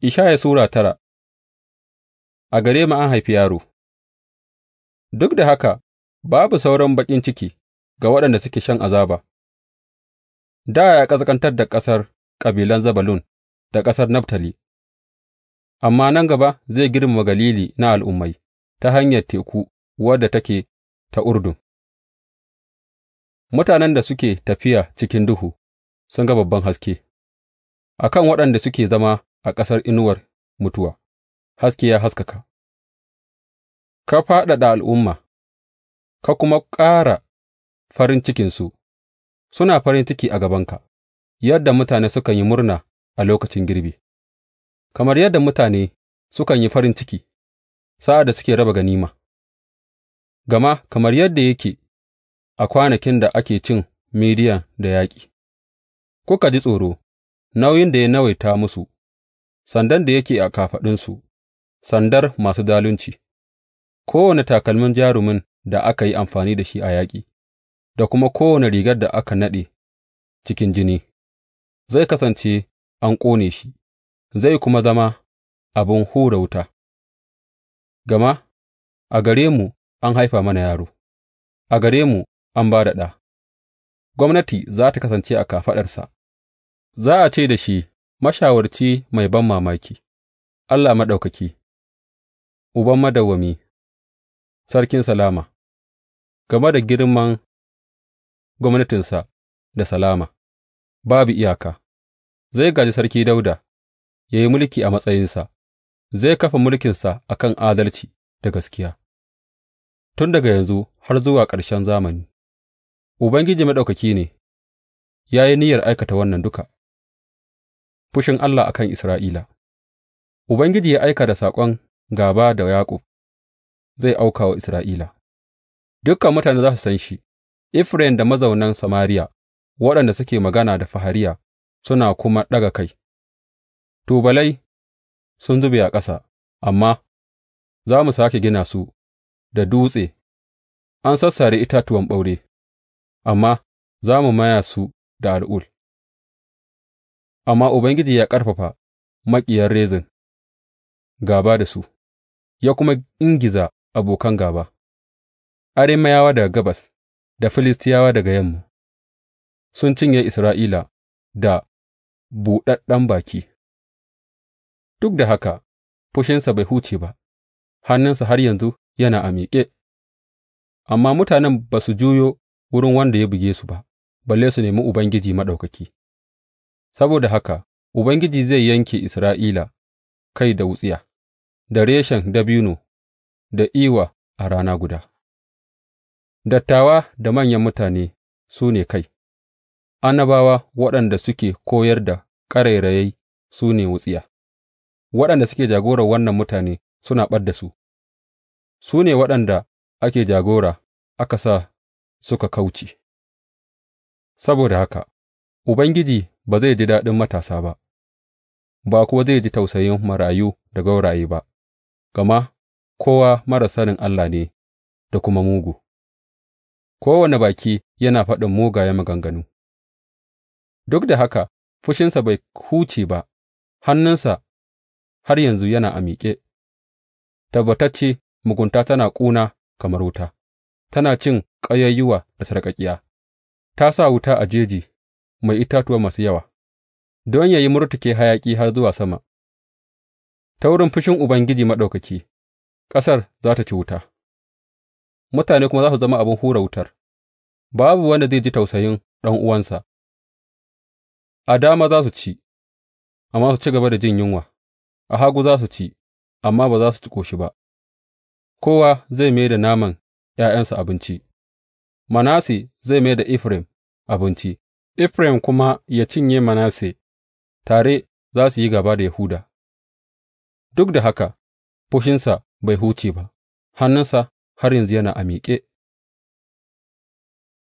Ishaya Sura tara A gare mu an haifi yaro Duk da haka babu sauran baƙin ciki ga waɗanda suke shan azaba, da ya ƙasƙantar da ƙasar kabilan zabalun da ƙasar Naftali, amma nan gaba zai girmama Galili na al'ummai ta hanyar teku wadda take ta Urdun. Mutanen da suke tafiya cikin duhu sun ga babban haske, a kan waɗanda suke zama a ƙasar inuwar mutuwa, haske ya haskaka, ka faɗaɗa al'umma, ka kuma ƙara farin cikinsu, suna farin ciki a gabanka, yadda mutane sukan yi murna a lokacin girbi, kamar yadda mutane sukan yi farin ciki sa'ad da suke raba ganima, gama kamar yadda yake a kwanakin da ake cin Midiyan da yaƙi, kuka ji tsoro, nauyin da ya nawaita musu sandan da yake a kafaɗunsu, sandar masu zalunci, kowane takalmin jarumin da aka yi amfani da shi a yaƙi, da kuma kowane rigar da aka naɗe cikin jini, zai kasance an ƙone shi, zai kuma zama abin hura wuta, gama a gare mu an haifa mana yaro, a gare mu an ba da ɗa, gwamnati za ta kasance a kafaɗarsa, za a ce da shi. mashawarci mai banmamaki, Allah Maɗaukaki, Uban madawwami, Sarkin salama, game da girman gwamnatinsa da salama, babu iyaka, zai gaji Sarki Dauda, ya yi mulki a matsayinsa, zai kafa mulkinsa a kan adalci da gaskiya, tun daga yanzu har zuwa ƙarshen zamani. Ubangiji Maɗaukaki ne ya yi niyyar aikata wannan duka. Fushin Allah a kan Isra'ila Ubangiji ya aika da saƙon gaba, da Yaƙub zai auka wa Isra'ila; dukan mutane za su san shi, Efraim da mazaunan Samariya, waɗanda suke magana da fahariya suna kuma ɗaga kai, tubalai sun zube a ƙasa, amma za mu sake gina su da dutse, an sassare itatuwan ɓaure, amma za mu maya su da al'ul. amma Ubangiji ya ƙarfafa maƙiyan Rezin gaba da su, ya kuma ingiza abokan gaba. Arameyawa daga gabas da Filistiyawa daga yamma, sun cinye Isra'ila da buɗaɗɗen baki, duk da haka fushinsa bai huce ba, hannunsa har yanzu yana a miƙe, amma mutanen ba su juyo wurin wanda ya buge su ba, balle su nemi Ubangiji Maɗaukaki. Saboda haka Ubangiji zai yanke Isra'ila kai da wutsiya, da reshen dabino da iwa a rana guda; dattawa da manyan mutane su ne kai, annabawa waɗanda suke koyar da ƙarairayi su ne wutsiya, waɗanda suke jagorar wannan mutane suna ɓad da su, su ne waɗanda ake jagora aka sa suka kauce; saboda haka Ubangiji ba zai ji daɗin matasa ba, ba kuwa zai ji tausayin marayu da gauraye ba, gama kowa marar sanin Allah ne da kuma mugu, kowane baki yana faɗin mugayen maganganu, duk da haka fushinsa bai huce ba, hannunsa har yanzu yana a miƙe, tabbatacce mugunta tana ƙuna kamar wuta, tana cin ƙayayyuwa da sarƙaƙiya, ta sa wuta a jeji mai itatuwa masu yawa, don yă yi murtuke hayaƙi har zuwa sama, ta wurin fushin Ubangiji Maɗaukaki, ƙasar za ta ci wuta, mutane kuma za su zama abin hura wutar, babu wanda zai ji tausayin ɗan uwansa. a dama za su ci, amma su ci gaba da jin yunwa, a hagu za su ci, amma ba za su ci ƙoshi ba, kowa zai mai da naman ’ya'yansa abinci, Manasse zai mai da Efraim abinci. Efraim kuma ya cinye Manasse, tare za su yi gaba da Yahuda, duk da haka fushinsa bai huce ba, hannunsa har yanzu yana a miƙe.